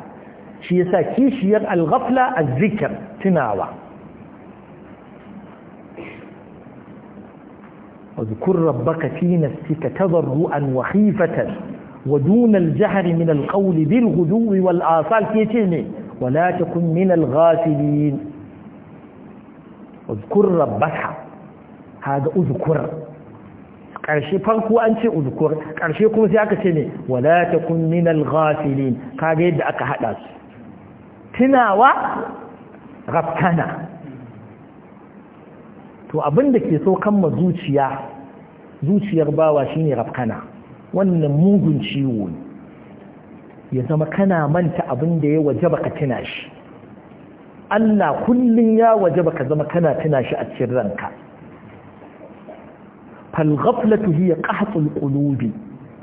shi yasa kishiyar al-ghafla az-zikr tunawa واذكر ربك في نفسك تضرعا وخيفة wa dunal jahri min alqawli bil ghuduwi wal asal ke ce ne wala ta min al ghafilin uzkur rabbaka haga uzkur karshe farko an ce uzkur karshe kuma sai aka ce ne wala ta min al ghafilin kaga yadda aka hada su tunawa rabtana to abinda ke so kan zuciya zuciyar bawa shine rabkana wannan mugun ciwo ne ya zama kana manta abin da ya waje baka tuna shi Allah kullum ya waje baka zama kana tuna shi a cikin ranka falghaflatu hiya qahtul qulubi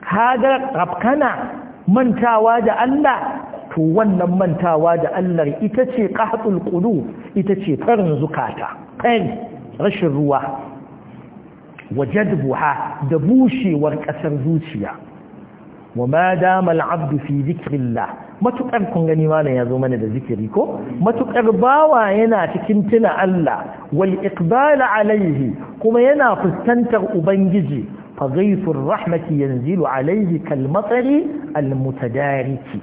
kaga rafkana mantawa da Allah to wannan mantawa da Allah ita ce qahtul qulub ita ce farin zukata farin rashin ruwa wajad buha da bushewar ƙasar zuciya wa ma damal abdu fi zikrillah matuƙar kun gani mana ya zo mana da zikiri ko matuƙar bawa yana cikin tuna Allah wal iqbala alayhi kuma yana fuskantar ubangiji fa ghaythu rahmati yanzilu alayhi kal matari al mutadariki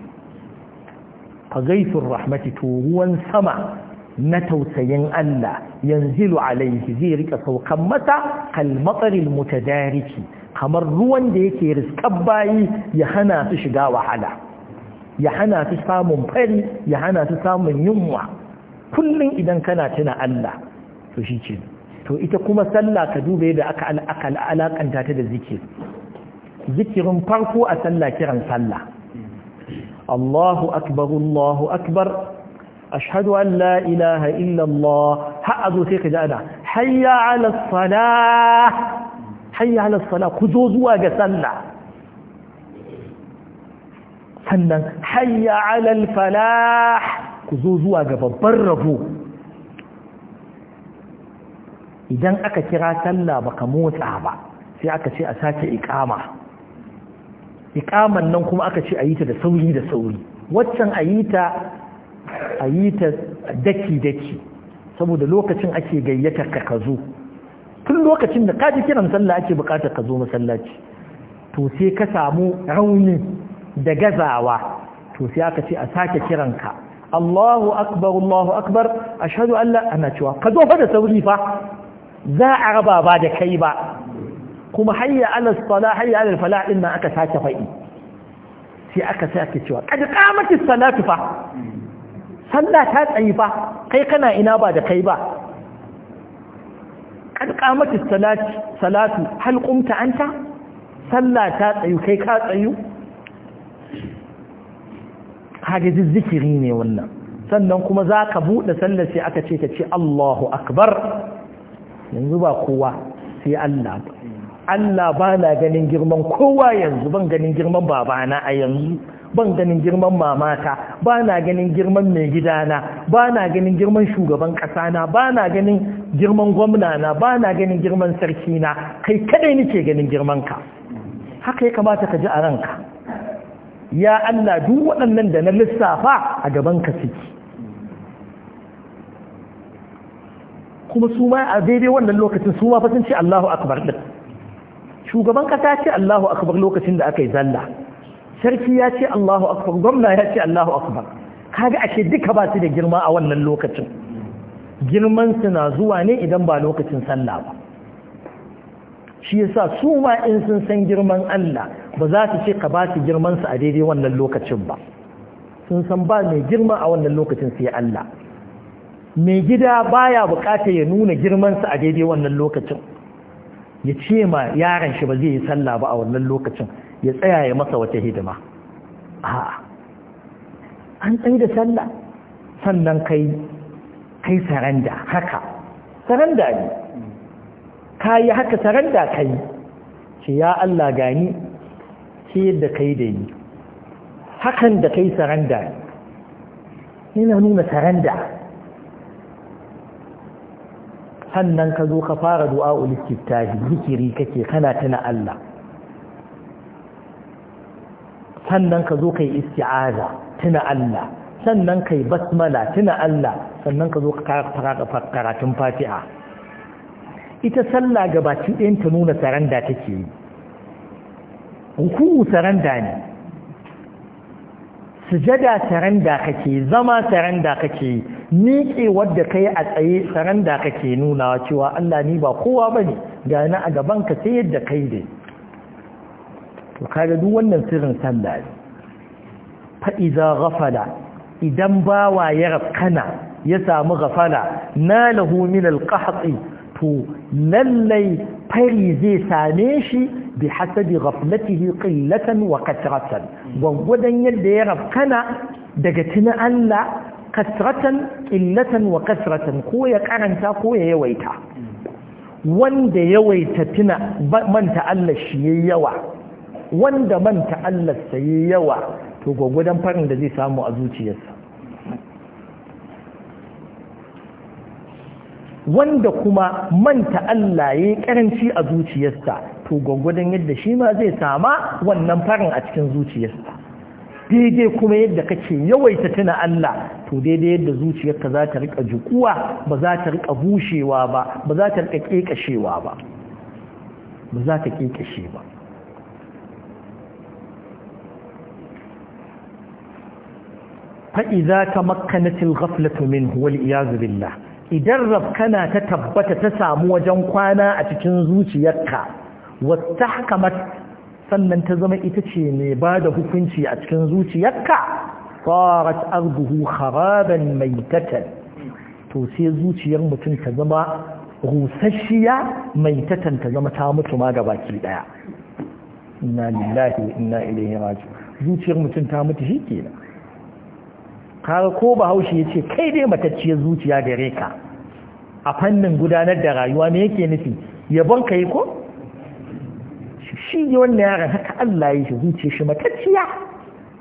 fa ghaythu rahmati to ruwan sama na tausayin Allah yanzilu alaihi zai rika saukan mata kalmatsaril mutadariki kamar ruwan da yake riskan bayi ya hana su shiga wahala ya hana su samun fari ya hana su samun yunwa kullum idan kana tuna Allah to shi ce to ita kuma sallah ka dube da aka alakanta ta da zikir zikirin farko a sallah kiran sallah Allahu akbar Allahu akbar أشهد أن لا إله إلا الله حقدوا سيك جانا حي على الصلاة حي على الصلاة كذوذوا جسنا ku zo zuwa ga كذوذوا rabo. idan aka kira sallah baka motsa ba sai aka ce a sake ikama ikaman nan kuma aka ce a yi ta da sauri da sauri waccan a yi ta a yi ta daki-daki saboda lokacin ake gayyata ka ka zo tun lokacin da kaji kiran sallah ake bukatar ka zo masallaci to sai ka samu rauni da gazawa to sai aka ce a sake kiranka Allahu akbar Allahu akbar ashhadu an ana cewa ka zo fa da sauri fa za a raba ba da kai ba kuma hayya ala salah hayya ala din nan aka sake faɗi sai aka sake cewa kad qamatis salatu fa sallah ta tsayi fa kai kana ina ba da kai ba karka mata salatu hal qumta anta sallah ta tsayu kai ka tsayu kage zikiri ne wannan sannan kuma zaka bude sallah sai aka ce ka ce Allahu akbar yanzu ba kowa sai Allah Allah ba na ganin girman kowa yanzu ban ganin girman babana a yanzu ban ganin girman mamata ba na ganin girman mai gidana ba na ganin girman shugaban kasana ba na ganin girman gwamnana ba na ganin girman sarkina kai kadai nake ganin girman ka haka ya kamata ka ji a ranka ya Allah duk waɗannan da na lissafa a gaban ka suke kuma su ma a daidai wannan lokacin su ma fa sun ce Allahu akbar din shugaban kasa ce Allahu akbar lokacin da aka yi zalla sarki ya ce Allahu akbar gwamna ya ce Allahu akbar kaga ake duka ba su da girma a wannan lokacin girman su na zuwa ne idan ba lokacin sallah ba shi yasa su ma in sun san girman Allah ba za su ce ka ba su girman su a daidai wannan lokacin ba sun san ba mai girma a wannan lokacin sai Allah mai gida baya bukata ya nuna girman sa a daidai wannan lokacin ya ce ma yaran shi ba zai yi sallah ba a wannan lokacin ya tsayaye masa wata hidima a'a an tsaye da sallah sannan kai kai saranda haka saranda ne ka yi haka saranda ka yi ce ya Allah gani ce yadda kai da yi hakan da kai saranda yana nuna saranda sannan ka zo ka fara du'a ulistiftahi zikiri kake kana tana Allah sannan ka zo kai isti'aza tuna Allah sannan kai basmala tuna Allah sannan ka zo ka karatun fatiha ita sallah gabaki ɗayan ta nuna saranda take yi hukumu saranda ne sujada saranda kake zama saranda kake miƙe wadda kai a tsaye saranda kake nuna cewa Allah ni ba kowa bane ga na a gaban ka sai yadda kai dai kaga duk wannan sirrin sallah ne fa idan bawa ya rafkana ya samu ghafala nalahu min alqahti to lallai fari zai same shi bi hasabi ghaflatihi qillatan wa katratan gwagwadan yadda ya rafkana daga tuna Allah kasratan illatan wa kasratan ko ya karanta ko ya yawaita wanda yawaita tuna manta Allah shi yayi yawa wanda manta Allah sai yawa to gwagwadon farin da zai samu a zuciyarsa wanda kuma manta Allah yayi karanci a zuciyarsa to gwagwadon yadda shi ma zai sama wannan farin a cikin zuciyarsa daidai kuma yadda kake yawaita tuna Allah to daidai yadda zuciyarka za ta rika jikuwa ba za ta rika bushewa ba ba za ta rika kekashewa ba ba za ta kekashewa ba fa'iza ta makkanatin ghaflatu minhu wal iyazu billah idan rabkana ta tabbata ta samu wajen kwana a cikin zuciyarka wata hakamat sannan ta zama ita ce mai ba da hukunci a cikin zuciyarka tsarat arduhu kharaban mai tatan to sai zuciyar mutum ta zama rusasshiya mai tatan ta zama ta mutu ma baki daya inna lillahi inna ilaihi raji zuciyar mutum ta mutu shi kenan kaga ko bahaushe ya ce kai dai matacciyar zuciya gare ka a fannin gudanar da rayuwa ne yake nufi yabon ka yi ko shi yi wannan yaran haka Allah ya shi zuciya shi matacciya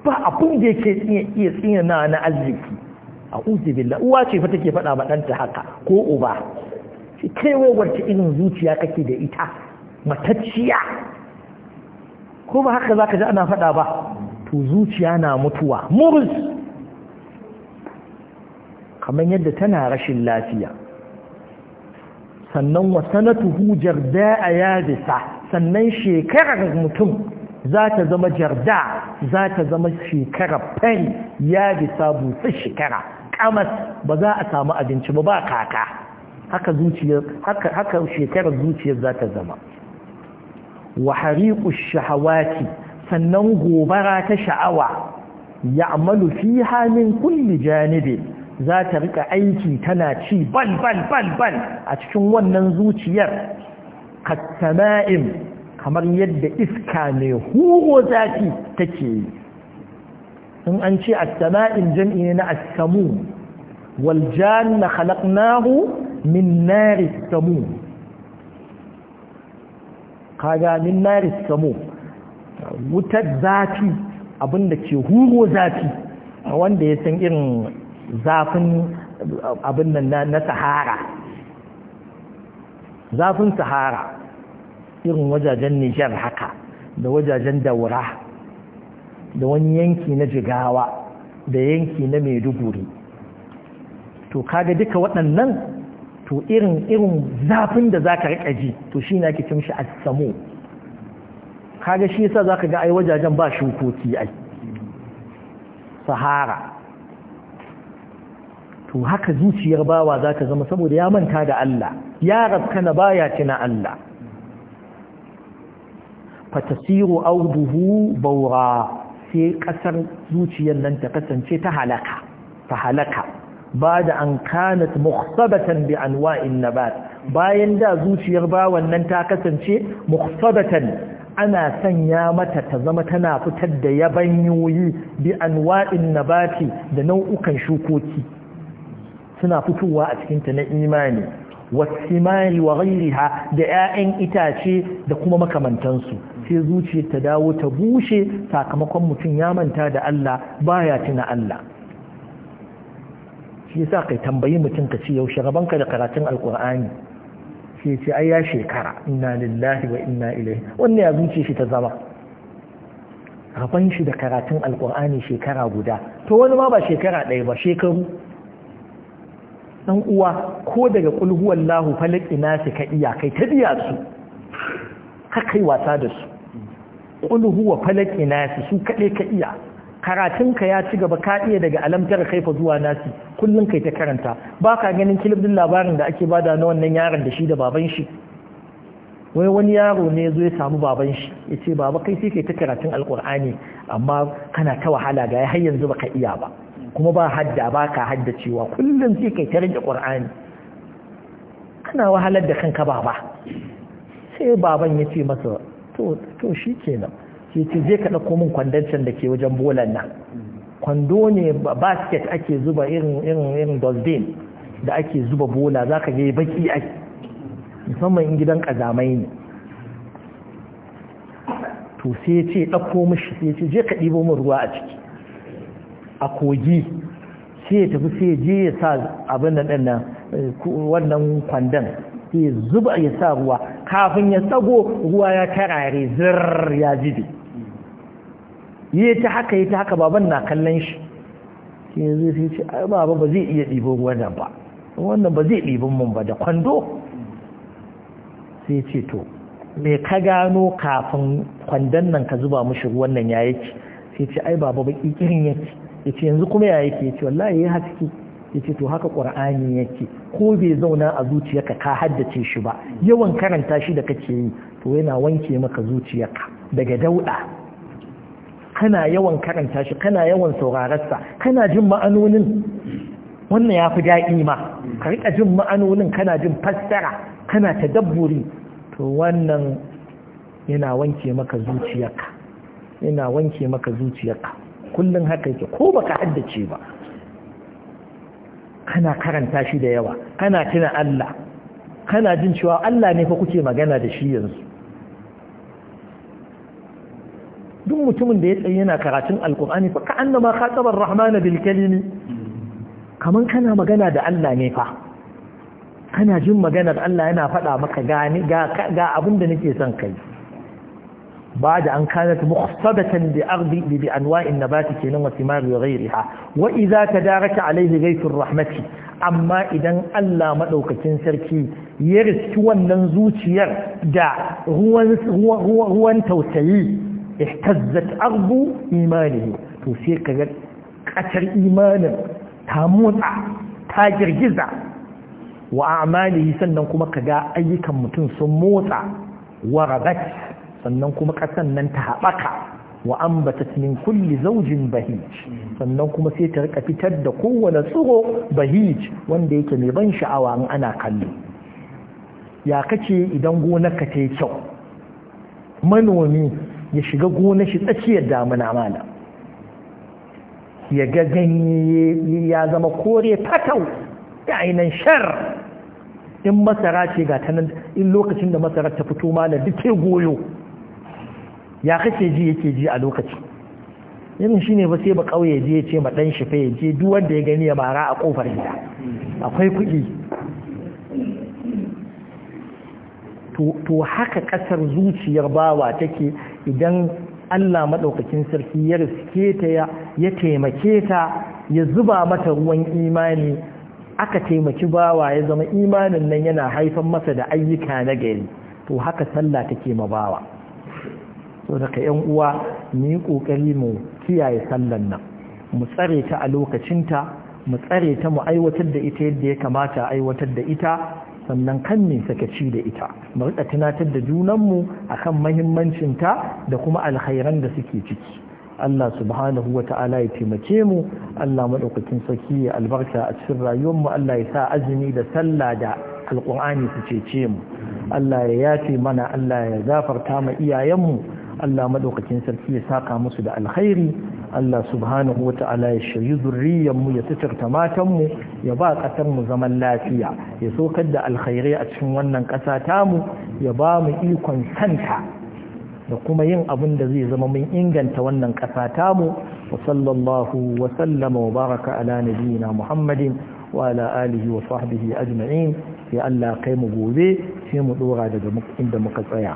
ba abin da yake iya tsina na na arziki a uzu billah uwa ce fa ke faɗa ma ɗanta haka ko uba shi kai wai wacce irin zuciya kake da ita matacciya ko ba haka za ka ji ana faɗa ba to zuciya na mutuwa murus kamar yadda tana rashin lafiya sannan wasanatuhu jarda a yadisa sannan shekarar mutum za ta zama jarda za ta zama shekara fari yadisa busa shekara kamas ba za a samu abinci ba ba kaka haka zuciyar haka haka shekarar zuciyar za ta zama wa hariqu shahawati sannan gobara ta sha'awa ya'malu fiha min kulli janibin za ta rika aiki tana ci bal bal bal bal a cikin wannan zuciyar kattama'im kamar yadda iska mai huro zafi take yi in an ce attama'im jam'i ne na assamu wal janna khalaqnahu min nari samu kaga min nari samu wutar zafi abinda ke huro zafi wanda ya san irin zafin abin nan na sahara zafin sahara irin wajajen nijar haka da wajajen daura da wani yanki na jigawa da yanki na maiduguri to kaga duka waɗannan to irin irin zafin da zaka riƙa ji to shi ne ake cin shi samu kaga shi yasa ka ga ai wajajen ba shukoki ai sahara to haka zuciyar bawa za ta zama saboda ya manta da Allah ya rabkana baya tuna Allah fatasiru auduhu baura sai kasar zuciyar nan ta kasance ta halaka ta halaka ba da an kanat mukhsabatan bi anwa'in nabat bayan da zuciyar bawan nan ta kasance mukhsabatan ana sanya mata ta zama tana fitar da yabanyoyi bi anwa'in nabati da nau'ukan shukoki suna fitowa a cikinta na imani wasimari wa ghairiha da 'ya'yan itace da kuma makamantansu sai zuciyar ta dawo ta bushe sakamakon mutum ya manta da Allah baya tuna Allah shi yasa kai tambayi mutum ka ce yaushe rabanka da karatun alkur'ani sai ce ai ya shekara inna lillahi wa inna ilaihi wannan ya zuce shi ta zama raban shi da karatun alkur'ani shekara guda to wani ma ba shekara ɗaya ba shekaru ɗan uwa ko daga ƙulhuwan lahu na nasi ka iya kai ta biya su ka kai wasa da su ƙulhuwa falaki nasi su kaɗe ka iya karatunka ya ci gaba ka iya daga alamtar kaifa zuwa nasi kullum kai ta karanta ba ka ganin kilibin labarin da ake bada na wannan yaron da shi da baban shi wai wani yaro ne zo ya samu baban shi ya ce baba kai sai kai ta karatun Alƙur'ani amma kana ta wahala ga har yanzu baka iya ba kuma ba hadda ba ka hadda cewa kullum sai kai ta rage ƙur'ani kana wahalar da kanka baba sai baban ya ce masa to to shi kenan sai ce je ka ɗauko min kwandancin da ke wajen bolan nan kwando ne basket ake zuba irin irin irin da ake zuba bola za ka gai baki ai musamman in gidan ƙazamai ne to sai ce ɗauko mashi sai ce je ka ɗibo min ruwa a ciki a kogi sai ya tafi sai je ya sa abin da ɗin nan wannan kwandon sai ya zuba ya sa ruwa kafin ya tsago ruwa ya karare zirr ya jide yi ta haka yi ta haka baban na kallon shi sai ya zai sai ce ai baba ba zai iya ɗibin wannan ba wannan ba zai ɗibin mun ba da kwando sai ce to me ka gano kafin kwandon nan ka zuba mushi ruwan nan ya yake sai ce ai baba ba kirin yake yace yanzu kuma ya yake ce wallahi yayi haske yace to haka ƙura'ani yake ko bai zauna a zuciyarka ka haddace shi ba yawan karanta shi da kake yi to yana wanke maka zuciyarka daga dauɗa kana yawan karanta shi kana yawan saurararsa kana jin ma'anonin wannan ya fi daɗi ma ka riƙa jin ma'anonin kana jin fassara kana tadabburi to wannan yana wanke maka zuciyarka yana wanke maka zuciyarka kullum haka yake ko baka haddace ba kana karanta shi da yawa kana tuna Allah kana jin cewa Allah ne fa kuke magana da shi yanzu duk mutumin da ya tsaye yana karatun alkur'ani fa ka'anna ma rahmana bil kalimi kaman kana magana da Allah ne fa kana jin maganar Allah yana faɗa maka ga ga abin da nake son kai بعد أن كانت مخصبة بأرض بأنواع النبات كنوع وثمار وغيرها وإذا تدارك عليه غيث الرحمة أما إذا ألا مدوك تنسركي يرسك وننزوك يردع هو, هو, هو, هو توسعي اهتزت أرض إيمانه توسيق قتر إيمانا تاموضع تاجر جزع وأعماله سنن كما قد أيكم تنصموضع وربت sannan kuma kasan nan ta haɓaka wa ambatat min kulli zaujin bahij sannan kuma sai ta rika fitar da kowane tsoho bahij wanda yake mai ban sha'awa in ana kallo ya kace idan gonarka ta yi kyau manomi ya shiga gonar shi tsakiyar damuna mana. ya ga ganye ya zama kore fatau da ainihin shar in masara ce ga ta nan in lokacin da masara ta fito mana duk duke goyo ya kace ji yake ji a lokaci irin shi ne ba sai ba ƙauye je ce ma ɗan shi fa ya je duwanda ya gani ya mara a ƙofar gida akwai kuɗi to haka ƙasar zuciyar bawa take idan Allah maɗaukakin sarki ya riske ta ya taimake ta ya zuba mata ruwan imani aka taimaki bawa ya zama imanin nan yana haifan masa da ayyuka na gari to haka sallah take ma bawa so daga yan uwa ni yi kokari mu kiyaye sallan nan mu tsare ta a lokacinta mu tsare ta mu aiwatar da ita yadda ya kamata a aiwatar da ita sannan kan ne sakaci da ita mu rika tunatar da mu akan mahimmancin ta da kuma alkhairan da suke ciki Allah subhanahu wa ta'ala ya taimake mu Allah madaukakin sarki ya albarka a cikin rayuwar mu Allah ya sa azumi da sallah da alqur'ani su cece mu Allah ya yafe mana Allah ya gafarta mu iyayen mu Allah maɗaukacin sarki ya saka musu da alkhairi Allah subhanahu wa ta'ala ya shirye zurriyar mu ya tuturta matan mu ya ba kasar mu zaman lafiya ya sokar da alkhairai a cikin wannan ƙasa tamu ya ba mu ikon santa da kuma yin abin da zai zama mun inganta wannan kasa tamu wa sallallahu wa sallama wa baraka ala nabiyina Muhammadin wa ala alihi wa sahbihi ajma'in ya Allah kai mu gobe sai mu dora daga inda muka tsaya